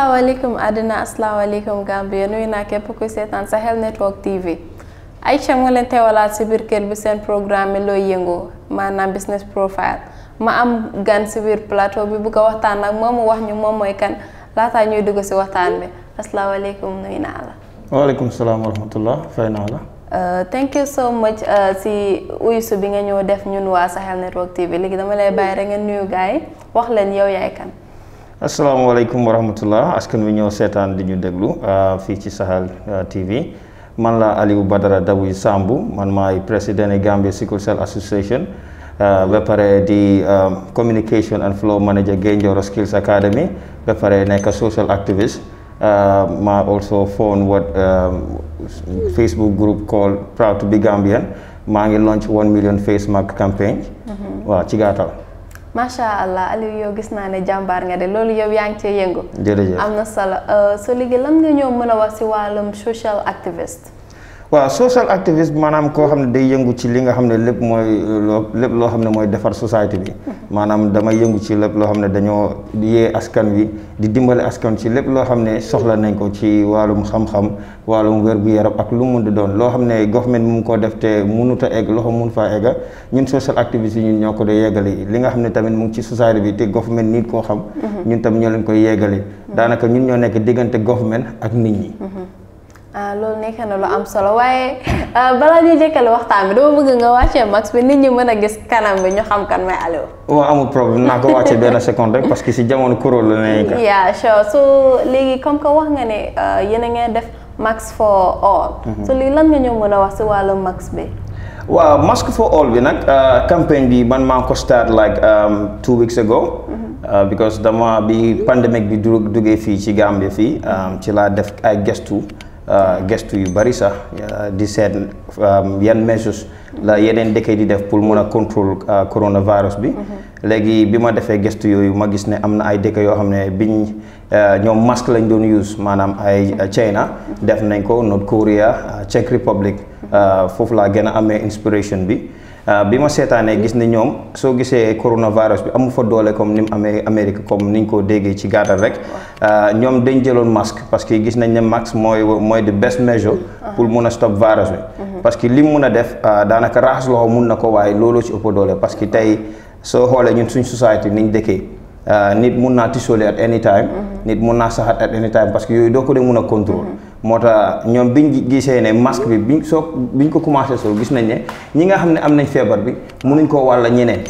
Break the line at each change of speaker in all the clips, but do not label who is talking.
asalaamaaleykum àddina asalaamaaleykum Gambia nuyu naa képp kuy seetaan Sahel Network TV Aïcha mu leen teewalaat si biir kër bi seen programme bi looy yëngu maanaam business profile ma am gan si biir plateau bi bu ko waxtaan ak moom mu wax ñu moom mooy kan laataa ñuy dugg si waxtaan bi asalaamaaleykum nuyu naa la.
waaleykum salaam wa rahmatullah fay naa la.
Euh, thank you so much si euh, uyusu bi nga ñëw def ñun waa sa Sahel Network TV léegi dama lay bàyyi rek ngeen nuyu gars yi wax leen yow yaay
Assalamualaikum wa rahmatullah askan wi ñëw seetaan di ñu déglu fi uh, ci Sahel uh, TV man la Aliou Badara Daboy Sambu man maay président Gambia Sickle Cell Association ba uh, pare di um, communication and flow manager Gaynjoro Skills Academy ba pare social activist ma also phone what um, Facebook group called Proud to be Gambian Ma ngi launch one million face mask campaign. waaw ci gàttal.
macha allah Aliou yow gis naa ne jàmbaar nga de loolu yow yaa ngi cee yëngu. jërëjëf am na solo euh, sa liggéey lan nga ñëw mën a wax ci wàllum social activiste.
waaw social activiste maanaam koo xam ne day yëngu ci li nga xam ne lépp mooy loo lépp loo xam ne mooy defar société bi maanaam damay yëngu ci lépp loo xam ne dañoo yee askan wi di dimbale askan ci lépp loo xam ne soxla nañ ko ci wàllum xam-xam wàllum wér-gu-yaram ak lu mun di doon loo xam ne government mu ko def te mënut a egg loxo mun faa egga ñun social activiste yi ñun ñoo ko dee yeggali li nga xam ne tamit mu ngi ci société bi te government nit koo xam mhm. ñun tam ñoo lañ koy yeggali mhm. daanaka ñun ñoo nekk diggante government ak nit ñi
mhm. loolu nekk kan lo am solo waaye balaa ñuy jëkkale waxtaan bi dama bëgg nga wàccee max bi nit ñi mën a gis kanam bi ñu xam kan may Alieu.
waaw amul problème naa ko wàccee seconde rek parce que si jamono kuréel la nekk.
yaa sure so léegi comme que wax nga ne yéen a ngeen def max for all. so lii lan nga ñu mën wax si wàllu max bi.
waaw max for all bi nag campaign bi man maa ko start like um, two weeks ago. because dama bi pandemic bi duggee fii ci Gambie fii ci laa def ay gestu. Uh, gestu yu bari sax uh, di seet um, yan mesures la yeneen dëkk di def pour mun a contrôle uh, coronavirus bi mm-hmm. léegi bi ma defee gëstu yooyu ma gis ne am na ay dëkk yoo xam ne biñ euh, ñoom masque lañ doon use maanaam ay euh, China def nañ ko North Korea euh, Czech Republic foofu laa gën a amee inspiration bi bi ma seetaanee gis ne ñoom soo gisee coronavirus bi amu fa doole comme ni mu amee Amérique comme ñu ko déggee ci gàttal rek ñoom dañ jëloon masque parce que gis nañ ne masque mooy mooy de best measure pour mun a stop virus bi mhm. parce que li mu mun a def daanaka raxas loxo mun na ko waaye looloo ci ëpp doole parce que tey soo xoolee ñun suñ société niñ dëkkee euh, nit mun naa tisoler at any mm-hmm. nit mun naa saxaat at any parce que yooyu doo ko dee mun a contrôle mm-hmm. moo tax ñoom biñ gisee ne masque bi bi soo biñ ko commencé sol gis nañ ne ñi nga xam ne am nañ feebar bi munuñ koo wàlla ñeneen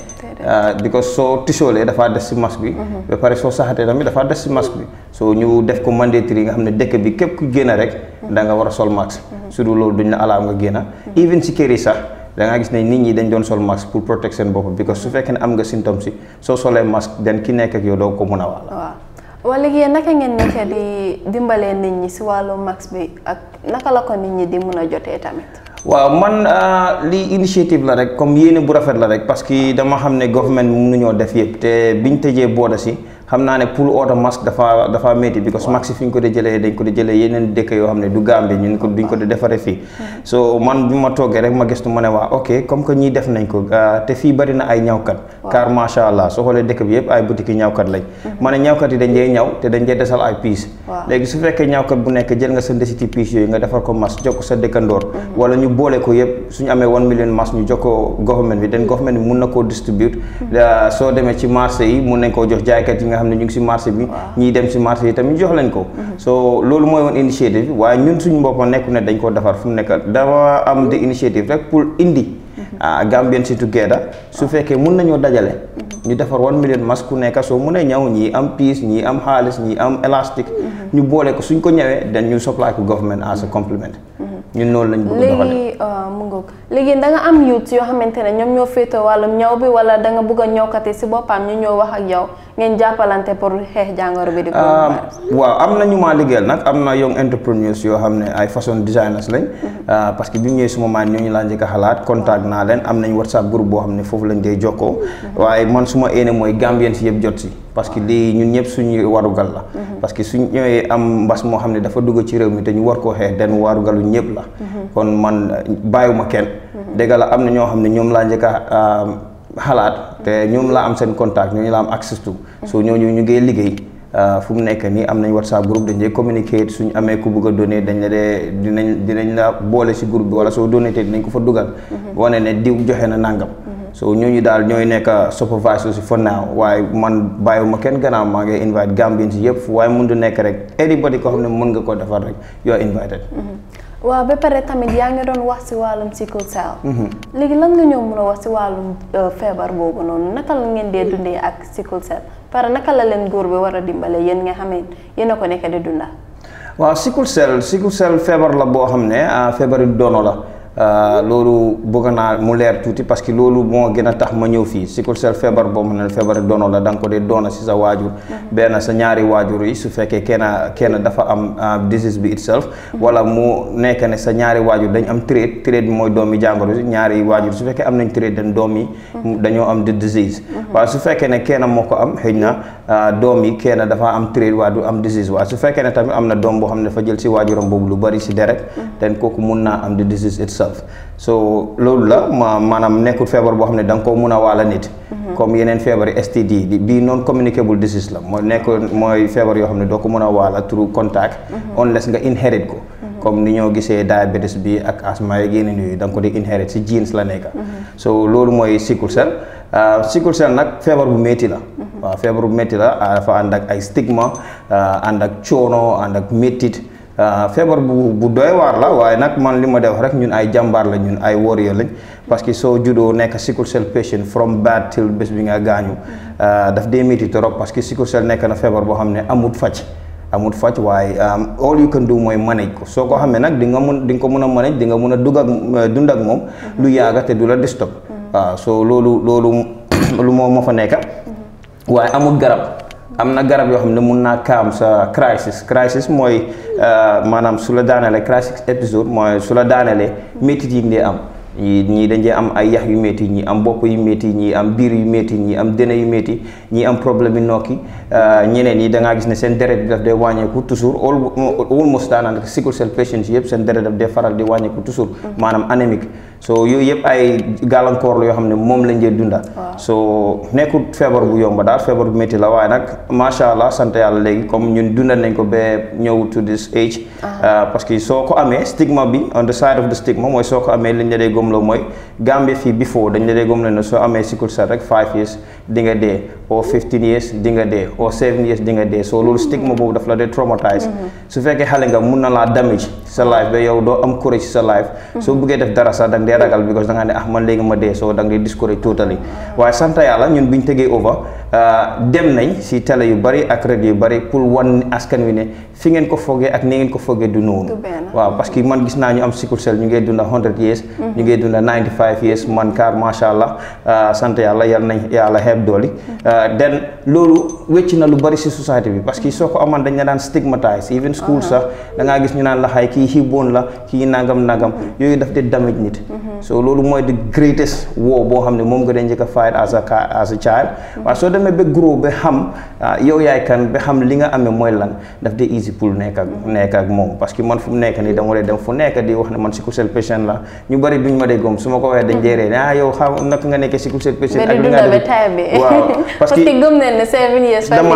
di ko euh, soo tisoolee dafaa des si masque bi mm-hmm. ba pare soo saxaatee tamit dafaa des si masque bi soo ñu def ko yi nga xam ne dëkk bi képp ku génn rek da nga war a sol masque su dul loolu duñ la alaam nga génn even si yi sax da gis ne nit ñi dañ doon sol masque pour protéger seen bopp parce que su fekkee ne am nga symptôme si soo solee masque den ki nekk ak doo ko mun a wàll.
waaw wala léegi naka ngeen nekkee di dimbalee nit ñi si wàllu masque bi ak naka la ko nit ñi di mun a jotee tamit.
waaw man ah, li initiative la rek comme yéene bu rafet la rek parce que dama xam ne government mënuñoo def yëpp te ñu tëjee booda si. xam naa ne pour oto masque dafa dafa métti because masque fi ñu ko di jëlee dañ ko di jëlee yoo xam ne du Gambie ñun ko duñ ko defaree fii hmm. so man bi ma toogee rek ma gëstu ma ne waa ok comme que ñii def nañ ko ah, te fii bari na ay ñawkat yëpp ay boutique yi ñawkat lañ hmm. ma ne ñawkat yi dañ dee ñaw te dañ dee desal ay piis léegi su fekkee ñawkat bu nekk jël nga sa ndesiti piis yooyu nga defar ko masque jokk sa dëkkandoor hmm. wala ñu boole ko yëpp suñu amee one million masque ñu jox ko government bi den government bi mun na koo distribute ah, soo demee ci marché xam ne ñu ngi si marché bi ñiy dem si marché yi tamit jox leen ko mm-hmm. so loolu mooy woon initiative waaye ñun suñu boppam nekku ne dañ ko defar fu mu nekkal dafa am de initiative rek pour indi mm-hmm. ah Gambien si together su fekkee mun nañoo dajale mm-hmm. ñu defar one million masque ku nekk soo mun a ñaw ñii am piis ñii am xaalis ñii am élastique ñu boole ko suñ ko ñëwee dañ ñu supply ko government as a complement ñun loolu lañ bëgg doxalee
léegi euh, mu da nga am youth yoo xamante ne ñoom ñoo féetoo wàllum ñaw bi wala da nga bëgg a ñawkate si boppam ngeen jàppalante pour xeex jàngoro bi di ah, coronavirus
waaw am na ñu maa liggéeyal nag am na young entrepreneurs yoo xam ne ay fashion designers lañ mm-hmm. ah, parce que bi ñëwee suma maan ñu laa njëkk a xalaat contact naa leen am nañ whatsapp groupe boo xam ne foofu lañ dee koo mm-hmm. waaye man suma éene mooy Gambien si yëpp jot si parce que ah. lii ñun ñëpp suñu warugal la mm-hmm. parce que suñ ñëwee am mbas moo xam ne dafa dugg ci réew mi te ñu war koo xeex den warugalu ñëpp la kon man bàyyiwuma kenn dégg la am na ñoo xam ne ñoom laa njëkk xalaat te ñoom laa am seen contact ñu laa am access to so ñooñu ñu ngi liggéey uh, fu mu nekk nii am nañ whatsapp groupe dañ lay communiquer suñ amee ku bëgg a donné dañ la dee dinañ dinañ la boole si groupe bi wala soo donné te nañ ko fa dugal mm-hmm. wane ne diw joxe na nàngam mm-hmm. so ñu daal ñooy nekk supervisor si for now waaye man ma kenn gannaaw maa ngi invite Gambians yëpp waaye mun du nekk rek anybody ko xam ne mën nga ko defar rek you
waaw ba pare tamit yaa ngi doon wax si wàllum sickle cell. Mhm. léegi lan nga ñëw mun a wax si wàllum euh, feebar boobu noonu naka la ngeen dee dundee ak sickle cell pare naka la leen góor bi war a dimbale yéen nga xam ne yéen a ko nekk di dunda.
waaw sickle cell sickle cell feebar la boo xam ne ah, feebar yu doono la. Euh, loolu bëgg naa mu leer tuuti parce que loolu moo gën a tax ma ñëw fii sickle cell feebar boo xam ne feebar doono la da ko dee doona si sa waajur mm-hmm. benn sa ñaari waajur yi su fekkee kenn kenn dafa am euh, disease bi itself mm-hmm. wala mu nekk ne sa ñaari waajur dañ am trait trait bi mooy doomi jàngoro si ñaari waajur su fekkee am nañ trait dañ doom yi mm-hmm. dañoo am di disease waaye su fekkee ne kenn moo ko am xëy na euh, doom yi kenn dafa am trait waa du am disease waaye su fekkee ne tamit am na doom boo xam ne dafa jël si waajuram boobu lu bari si deret den kooku mun naa am di disease itself so loolu la ma maanaam nekkul feebar boo xam ne da nga koo mun a waala nit mm-hmm. comme yeneen feebar yi STD bii non communicable disease la mooy nekk mooy feebar yoo xam ne doo ko mun a waala through contact mm-hmm. unless nga inherit ko mm-hmm. comme ni ñoo gisee diabetes bi ak asthma yeeg yeneen yooyu da nga ko di inherit si genes la nekka so loolu mooy sickle cell ah, sickle cell nag feebar bu métti la waaw feebar bu métti la ah, dafa ànd ak ay stigma ah, ànd ak coono ànd ak méttit Ah, feebar bu bu doy waar la waaye nag man li ma def rek ñun ay jàmbaar la ñun ay warrior lañ parce que soo judoo nekk sickle cell patient from bad till bés bi nga gaañu ah, daf dee métti trop parce que sickle cell nekk na feebar boo xam ne amut faj amut faj waaye all you can do mooy manage ko soo ko xamee nag di nga mun di nga ko mun a manage di nga mun a dugg ak eh, dund ak moom lu mhm. yàgga te du la disturb waaw soo loolu loolu lu moo ma fa nekk mhm. waaye amut garab am na garab yoo xam ne mun naa kaam sa crisis crisis mooy euh, maanaam su la daanelee crisis épisode mooy su la daaneele métit yi ngay am ñii dañ cee am ay yax yu métti ñii am bopp yu métti ñii am biir yu métti ñii am dënn yu métti ñii am problème yu nokki euh, ñeneen ñi da ngaa gis ne seen deret bi daf dee wàññeeku toujours almost daanaka sickle cell patients yëpp seen deret daf dee faral di wàññeeku toujours mm-hmm. maanaam anémique so yooyu yëpp ay gàllankoor la yoo xam ne moom lañ dee dunda so nekkul feebar bu yomba daal feebar bu métti la waaye nag macha allah sant yàlla léegi comme ñun dunda nañ ko ba ñëw to this age ah. Ah, parce que soo ko amee stigma bi on the side of the stigma mooy soo ko amee liñ la dee la mooy Gambie fii before dañ la dee gomloo ne soo amee sickle cell rek five years di nga dee or fifteen years di nga dee or seven di nga dee so loolu stigma boobu daf la dee traumatise mm-hmm. su fekkee xale nga mun na laa damage sa life ba yow doo am courage sa life mm-hmm. day ragal bi ko da nga ne ah man léegi ma dee so da nga di discourage totally waaye sant yàlla ñun bi ñu tegee over ah, dem nañ ci télé yu bari ak rajo yu bari pour wan askan wi ne fi ngeen ko foggé ak ni ngeen ko foggé du non waaw parce que man gis na ñu am sickle cell ñu ngi dund 100 years mm-hmm. ñu ngi dund 95 years man car ma sha allah ah, santa yalla yal nañ yàlla xeeb dooli den mm-hmm. ah, lolu wecc na lu bari ci society bi parce que soko amane dañ la dan stigmatize even school uh-huh. sax da nga gis ñu nan la xay kii xiiboon la ki nangam nangam mm-hmm. yoyu daf di damage nit so loolu mooy the greatest war boo xam ne moom nga dee njëkk a fight as a as a child waaye soo demee ba grow ba xam ah, yow yaay kan ba xam li nga amee mooy lan daf dee easy pour nekk ak nekk ak moom parce man fu nekk nii dama dee dem ma dee gom su ma ko waxee dañ dee ree ah yow xam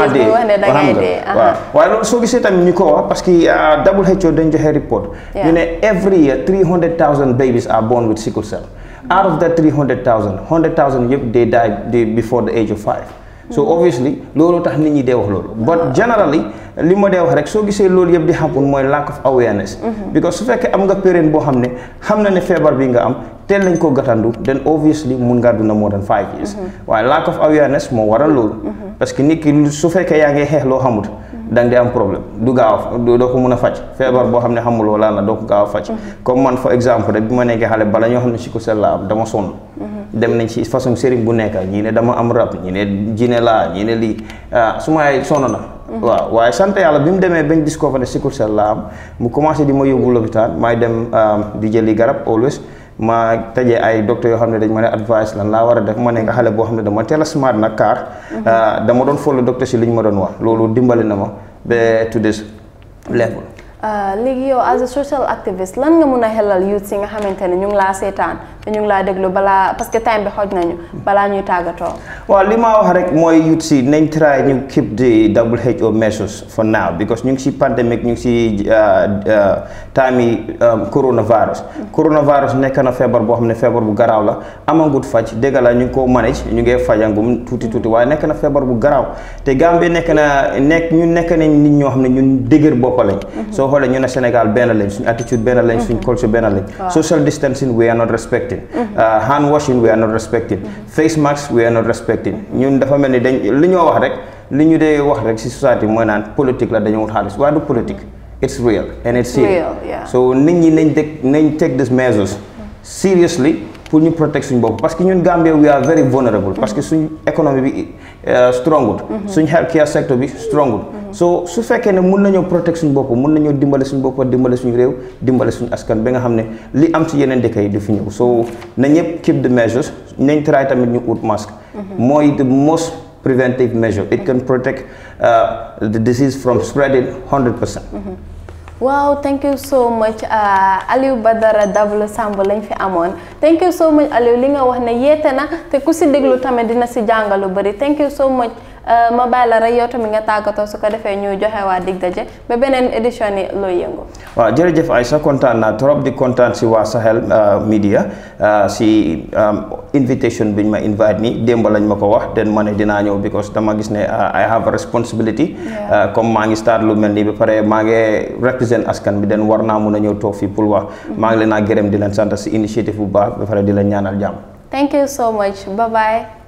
waaw
waaye loolu soo gisee tamit ñu ko wax parce que WHO ah, dañ joxe report ñu ne every year three hundred thousand babies are born with sickle cell out of that 300000 100000 yëpp they die before the age of five so hmm. obviously loolu tax nit ñi dee wax loolu but ah. generally li ma dee wax rek soo gisee loolu yëpp di happen mooy lack of awareness hmm. because su fekkee am nga parent boo xam ne xam na ne feebar bi nga am teel nañ ko gàttandu then obviously mun ngaa dund more than five years hmm. waaye lack of awareness moo waral loolu parce que nit ki su fekkee yaa ngi xeex loo xamut danga di am problème du gaaw doo ko mun a faj feebar boo xam ne xamuloo lan la doo ko gaaw a faj mm-hmm. comme man for exemple rek bi ma nekkee xale bala ñoo xam ne sickle cell laa am dama sonn mm-hmm. dem nañ ci façon sëriñ bu nekk ñii ne dama am rab ñii ne jine laa ñii ne lii ah su may sonn na mm-hmm. waaw waaye sant yàlla bi mu demee bañ discover ne sickle cell laa am mu commencé di ma yóbbu lopitaan may dem ah, di jël jëli garab always ma tajee ay docteur yoo xam ne dañ ma ne advice lan laa war a def ma ne nga xale boo xam ne dama teel a smart nag car mhm. ah, dama doon follow docteur si li ñu ma doon wax loolu dimbali na ma ba de this level
Euh, léegi yow as a social activist lan nga mun a xelal youth si nga xamante ne ñu ngi laa seetaan ñu ngi laa déglu balaa parce que time bi xoj nañu balaa ñuy tàggatoo.
waaw li ma wax rek mooy youth si nañ try ñu keep the WHO measures for now because ñu ngi si pandemic ñu ngi si uh, uh, time yi um, coronavirus. coronavirus nekk na feebar boo xam ne feebar bu garaaw la amagut faj dégg la ñu ngi ko manage ñu ngi fajangum tuuti tuuti waaye nekk na feebar bu garaaw te Gambie nekk na nekk ñu nekk nañ nit ñoo xam ne ñun dëgër bopp lañ. Mm-hmm. xoolee ñu ne Sénégal benn lañ suñ attitude benn suñ mhm. culture benn lañ social distancing we are not respecting mhm. uh, hand washing we are not respecting mhm. face mask ñun dafa mel ni dañ li ñoo wax rek li ñu dee wax rek si société mooy naan politique la dañu wut xaalis waaye du politique it's real so nit ñi nañ teg nañ take these measures seriously pour ñu protect suñ bopp parce que ñun Gambia we are very vulnerable parce que suñ économie bi uh, strongul suñ healthcare sector bi strongul so su fekkee ne mun na protect suñu bopp mun nañoo dimbale suñu bopp dimbale suñu réew dimbale suñu askan bi nga xam ne li am ci yeneen dëkk yi du fi ñëw so na ñëpp keep the measures nañ try tamit ñu ut masque mhm. mooy the most preventive measure it can protect uh, the disease from spreading 100 percent mhm.
Wow, thank you so much uh, Aliou Badara Davlo Samb lañ fi amoon thank you so much Aliou li nga wax ne yeete na te ku si déglu tamit dina si jàngalu so much Eh, ma bàyyi la rek yow tamit nga tagato su ko defé ñu joxé wa dig dajé ba beneen édition ni looy yëngu.
waaw jërëjëf Aïssa kontaan na trop di kontaan ci wa Sahel eh, Media eh, si invitation biñ ma invite ni démb lañ mako wax den mané dina ñëw because dama gis né I have a responsibility. comme ma ngi star lu melni nii ba pare maa ngi represent askan bi den warna mu ñëw toog fi pour wax. Mm-hmm. ma ngi leena gërëm di leen sante si initiative bu baax ba paré di leen ñaanal jamm
thank you so much bye bye.